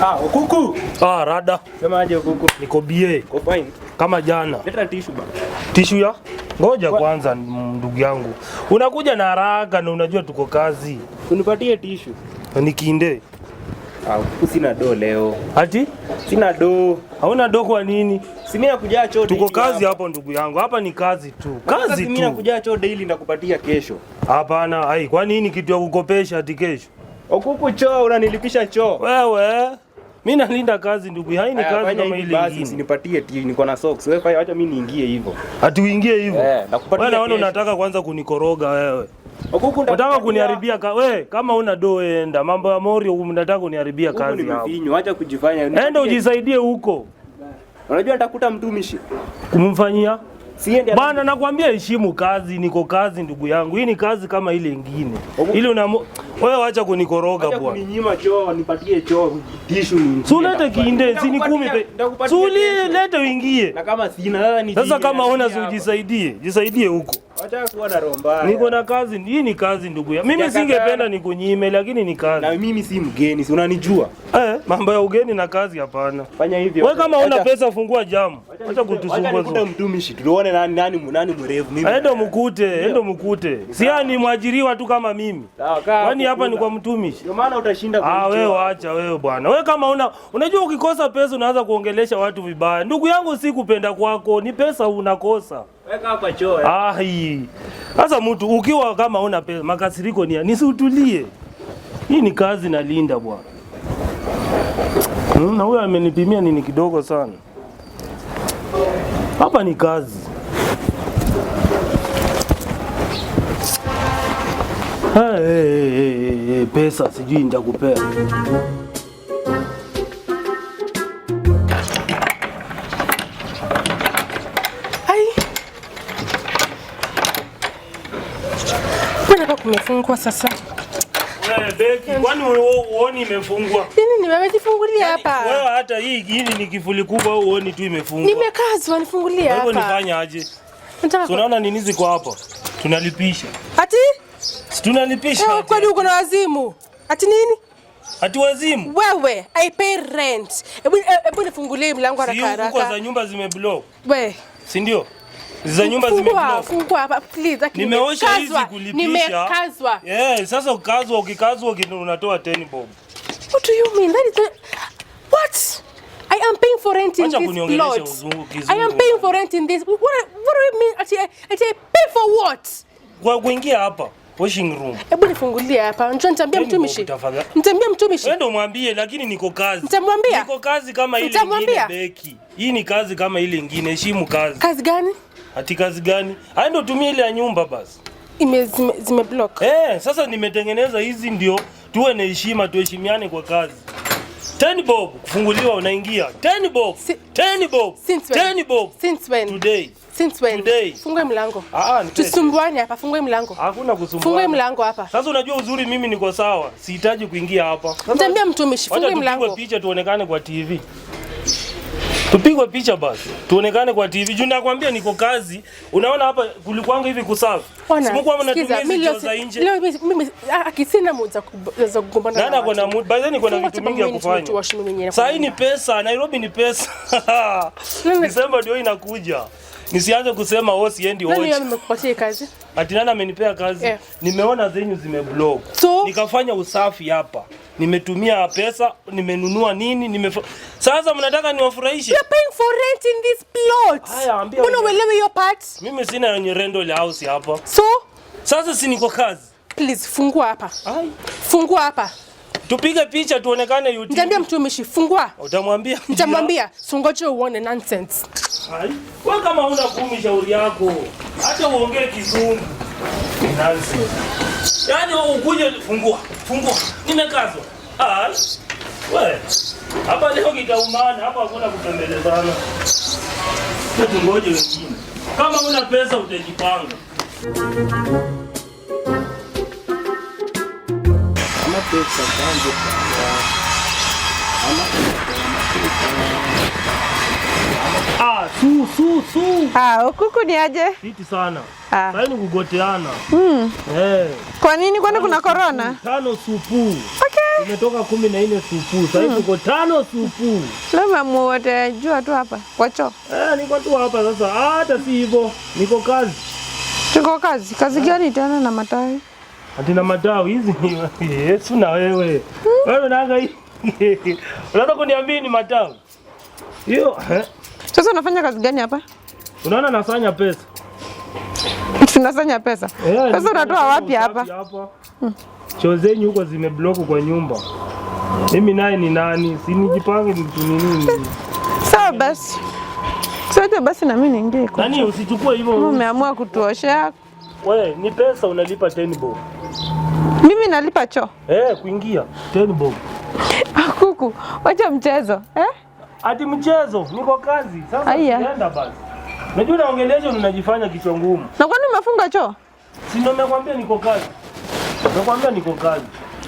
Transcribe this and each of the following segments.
Ah, ukuku. Ah, rada. Semaje ukuku? Niko fine? Kama jana. Leta tishu Tishu ya? Ngoja kwanza ndugu yangu. Unakuja na haraka na unajua tuko kazi. Unipatie tishu. Nikinde. Ah, sina do leo. Ati? Sina do. Hauna do kwa nini? Si mimi nakuja choo. Tuko kazi hapo ndugu yangu. Hapa ni kazi tu. Kazi tu. Mimi nakuja cho daily ndakupatia kesho. Hapana. Ai, kwa nini kitu ya kukopesha ati kesho? Ukuku choo unanilipisha choo. Wewe. Mimi nalinda kazi ndugu, haini kazi kama ile basi. Sinipatie tu, niko na socks. Wewe fanya, acha mimi niingie hivyo. Ati uingie hivyo? Eh, wewe naona unataka kwanza kunikoroga wewe. Unataka kuniharibia ka wewe kama una do enda. Mambo ya Mori unataka kuniharibia kazi hapo. Acha kujifanya. Enda ujisaidie huko. Unajua nitakuta mtumishi. Kumfanyia Bwana, nakwambia heshimu kazi, niko kazi ndugu yangu. Hii ni kazi kama ile nyingine. Ile una wewe, acha kunikoroga bwana. Acha Kuninyima choo, nipatie choo, tishu ni. Si ulete kiinde, si ni kumi pe. Si ulete uingie. Na kama sina sasa ni Sasa kama una zujisaidie, jisaidie huko. Acha kuwa na romba. Niko na kazi, hii ni kazi ndugu yangu. Mimi singependa nikunyime lakini ni kazi. Na mimi si mgeni, si unanijua. Eh, mambo ya ugeni na kazi hapana. Fanya hivyo. Wewe kama una pesa fungua jamu. Acha kutusumbua. Acha kutusumbua tuone nani nani nani mrefu. mimi. Endo mkute, endo mkute. si ni mwajiriwa tu kama mimi. Kwani hapa ni kwa mtumishi. Ndio maana utashinda kwa. Ah, wewe acha wewe bwana. Wewe kama una unajua ukikosa pesa unaanza kuongelesha watu vibaya. Ndugu yangu si kupenda kwako, ni pesa unakosa. Weka hapa choo. Ah, sasa mtu ukiwa kama una pesa, makasiriko ni nisiutulie. Hii ni kazi nalinda bwana. Hmm, na huyo amenipimia nini kidogo sana. Hapa ni kazi. Hey, hey, hey, hey, pesa sijui nitakupea. kumefungwa sasa. Eh, kwani uoni imefungwa? Nini yaani nimejifungulia yaani hapa? Wewe hata hii hili ni kifuli kubwa uoni tu imefungwa. Nimekazwa nifungulia hapa. Wewe nifanya aje? Unaona nini ziko hapo? Tunalipisha. Ati? Si tunalipisha. Wewe eh, kwani uko na wazimu? Ati nini? Ati wazimu? Wewe, I pay rent. Ebu e, ebu nifungulie mlango haraka haraka. Sio uko za nyumba zimeblow. Wewe. Si ndio? Za nyumba zimeblow. hapa please. Nimeosha hizi kulipisha. Nimekazwa. Eh, yeah, sasa ukazwa, ukikazwa unatoa 10 bob. What do you mean? That is What? I am paying for rent in this plot. I am paying for rent in this. What, what do you mean? Ati, ati, pay for what? Kwa kuingia hapa washing room. Hebu nifungulie hapa. Njoo nitambia mtumishi. Nitambia mtumishi. Wewe ndio mwambie lakini niko kazi. Nitamwambia. Niko kazi kama ile nyingine beki. Hii ni kazi kama ile nyingine, heshimu kazi. Kazi gani? Ati kazi gani? Hayo ndio tumia ile ya nyumba basi. Ime zime, zime block. Eh, sasa nimetengeneza hizi ndio tuwe na heshima, tuheshimiane kwa kazi. Ten bob kufunguliwa, unaingia. Ten bob. Ten bob. Ten bob. Since when? Today. Since when? Today. Fungue mlango. Ah, ah tusumbuane hapa, fungue mlango. Hakuna kusumbua. Fungue mlango hapa. Sasa unajua uzuri mimi niko sawa. Sihitaji kuingia hapa. Mtambia mtumishi, fungue mlango. Wacha tupige picha tuonekane kwa TV. Tupigwe picha basi tuonekane kwa TV. Juu nakwambia niko kazi. Unaona hapa kulikwanga hivi kusafi. Simkuwa mnatumia hizo za nje. Leo mimi ah, akisina mood za kugombana. Nani ako na mood? ni niko na vitu mingi ya kufanya. Sasa hii ni pesa, Nairobi ni pesa. Nisemba ndio inakuja. Nisianze kusema wewe siendi watch. Nani amekupatia kazi? Ati nani amenipea kazi? Yeah. Nimeona zenyu zimeblock. So, nikafanya usafi hapa. Nimetumia pesa, nimenunua nini, nime Sasa mnataka niwafurahishe? You're paying for rent in this plot. Haya, ambia. Mbona uelewe your part? Mimi sina yenye rendo ile house hapa. So, sasa si niko kazi. Please fungua hapa. Ai. Fungua hapa. Tupige picha tuonekane YouTube. Nitamwambia mtumishi fungua. Utamwambia? Nitamwambia, sungoje uone nonsense. Hai. Wewe kama una kumi shauri yako. acha uongee kizungu. Nonsense. Yaani wewe ukuje fungua. Fungua. Nimekazwa. Hai. Wewe. Hapa leo kitaumana, hapa hakuna kutembelezana. Tungoje wengine. Kama una pesa utajipanga. amateka kandi Ah, ah ni aje? Fiti sana. Ah. Sasa ni kugoteana. Mm. Eh. Kwa nini kwani kuna corona? Tano supu. Okay. Imetoka kumi na nne supu. Sasa mm. tuko tano supu. Lema muote jua tu hapa. Kwa choo. Eh, niko tu hapa sasa. Hata si hivyo. Niko kazi. Tuko kazi. Kazi eh. gani tena na matawi? Atina matawi hizi Yesu na wewe. Wewe unaanga hii. Unaona kuniambia ni matawi? Hiyo. Sasa unafanya kazi gani hapa? Unaona nasanya pesa. Tunasanya pesa. Eh, sasa unatoa wapi hapa? Hapa. Hmm. Choo zenyu huko zimeblock kwa nyumba. Mimi naye ni nani? Si nijipange mtu ni nini? Sawa basi. Sote basi na mimi niingie. Nani usichukue hivyo. Umeamua kutuoshea. Wewe ni pesa unalipa 10 bob. Mimi nalipa choo eh, kuingia ten bob. Ah, kuku, wacha mchezo eh? Ati mchezo, niko kazi sasa. Nenda basi, najua naongelesha, unajifanya kichwa ngumu. Na kwani umefunga choo? Si ndio nimekwambia niko kazi, nimekwambia niko kazi.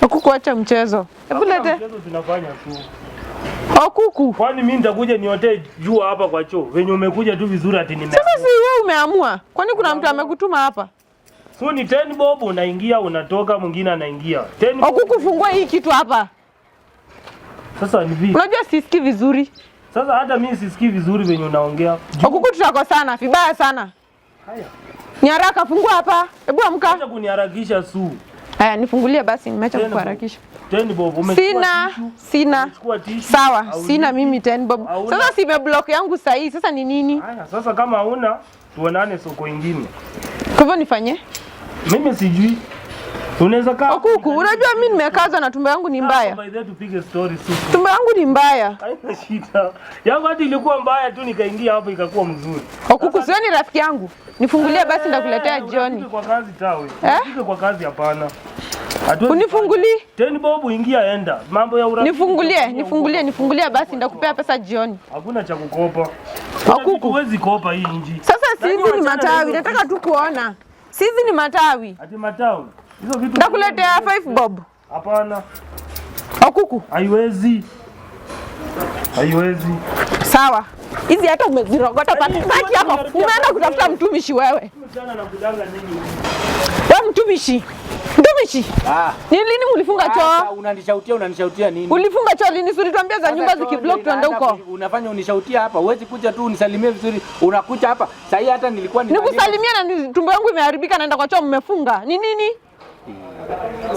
Kuku, wacha mchezo, hebu lete mchezo, tunafanya tu oh, Kuku, kwani mimi nitakuja niotee jua hapa kwa choo? Venye umekuja tu vizuri ati nimeamua. Sasa si wewe umeamua, kwani kuna mtu amekutuma hapa? Su ni ten bob, unaingia unatoka, mwingine anaingia. Ten bob. Hukufungua hii kitu hapa. Sasa ni vipi? Unajua sisiki vizuri. Sasa hata mimi sisiki vizuri venye unaongea. Huku tutako sana, vibaya sana. Haya. Nyaraka fungua hapa. Hebu amka. Acha kuniharakisha su. Haya, nifungulie basi, nimeacha kuharakisha. Ten bob umechukua. Sina, sina. Umechukua Sawa, Auli. Sina mimi ten bob. Auna. Sasa si block yangu sahi. Sasa ni nini? Haya, sasa kama hauna tuonane soko ingine. Kwa hivyo nifanye? Mimi sijui. Unaweza kaa kuku. Unajua mimi nimekaza na tumbo yangu ni mbaya. Tupige story siku. Tumbo yangu ni mbaya. Haina shida. Yangu hadi ilikuwa mbaya tu nikaingia hapo ikakuwa mzuri. Kuku sio ni rafiki yangu. Nifungulie eh, basi nitakuletea jioni. Kwa kazi tawe. Eh? Kwa kazi hapana. Unifungulie. Ten bob ingia enda. Mambo ya urafiki. Nifungulie, nifungulie, nifungulie basi nitakupea pesa jioni. Hakuna cha kukopa. Kuku. Huwezi kopa hii nje. Sasa si hizi ni matawi. Nataka tu kuona. Sisi ni matawi. Ati matawi. Hizo vitu. Ndakuletea 5 bob. Hapana. Akuku. Haiwezi. Haiwezi. Sawa. Hizi hata umezirogota baki yaani hapo. Umeenda kutafuta mtumishi wewe. Wewe mtumishi mtumishi ah. Ni lini mlifunga choo? Unanishautia, unanishautia nini? Ulifunga choo lini? Suri tuambia za nyumba zikiblock tuende huko. Unafanya unishautia hapa. uwezi kuja tu unisalimie vizuri. Unakuja hapa. Sasa hii hata nilikuwa ni Nikusalimia na tumbo yangu imeharibika naenda kwa choo mmefunga. Ni nini?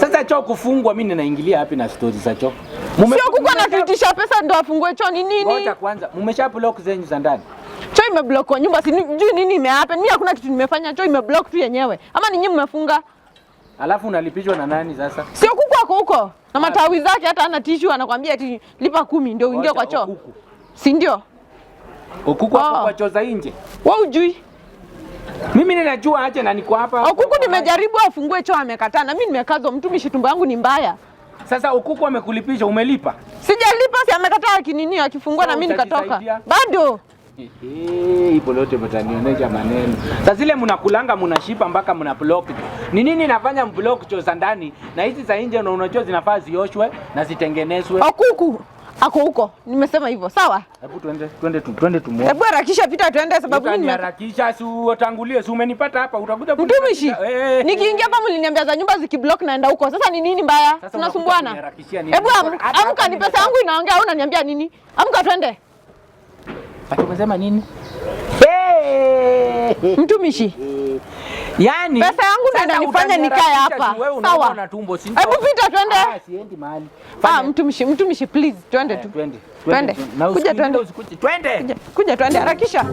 Sasa choo kufungwa mimi ninaingilia hapi na stories za choo? Sio kuko anatuitisha pesa ndo afungue choo ni nini? Ngoja kwanza. Mmesha block zenyu za ndani. Choo imeblock kwa nyumba si juu nini imehappen. Mimi hakuna kitu nimefanya. Choo imeblock tu yenyewe. Ama ninyi mmefunga? Alafu unalipishwa na nani sasa? Sio kuku ako huko na matawi zake, hata ana tishu anakwambia ati lipa kumi ndio uingie kwa choo, si ndio? Okuku wako oh. kwa choo za nje. Wewe ujui mimi ninajua, aje na niko hapa. Okuku nimejaribu afungue choo amekataa, na mimi nimekazwa mtumishi, tumbo yangu ni mbaya. Sasa Okuku amekulipisha, umelipa? Sijalipa, si amekataa akinini, akifungua na mimi nikatoka bado Ipo lote mtanionesha maneno. Sasa zile mnakulanga mnashipa mpaka mna block. Ni nini nafanya mblock cho za ndani na hizi za nje na unachoo zinafaa zioshwe na zitengenezwe. Akuku. Ah, Ako huko. Nimesema hivyo. Sawa? Hebu twende twende tu twende tumuone. Hebu harakisha pita twende sababu mimi harakisha si utangulie si umenipata hapa utakuja mtumishi. Eh, eh, eh. Nikiingia hapa mliniambia za nyumba zikiblock naenda huko. Sasa ni nini mbaya? Tunasumbuana. Hebu amka ni pesa yangu inaongea unaniambia nini? Amka twende. Atumesema nini? Mtumishi. Yaani pesa yangu ndio inanifanya nikae hapa. Sawa. Hebu pita twende. Ah, siendi mahali. Ah, mtumishi, mtumishi please twende tu. Eh, twende. Twende. Kuja twende. Twende. Kuja twende harakisha.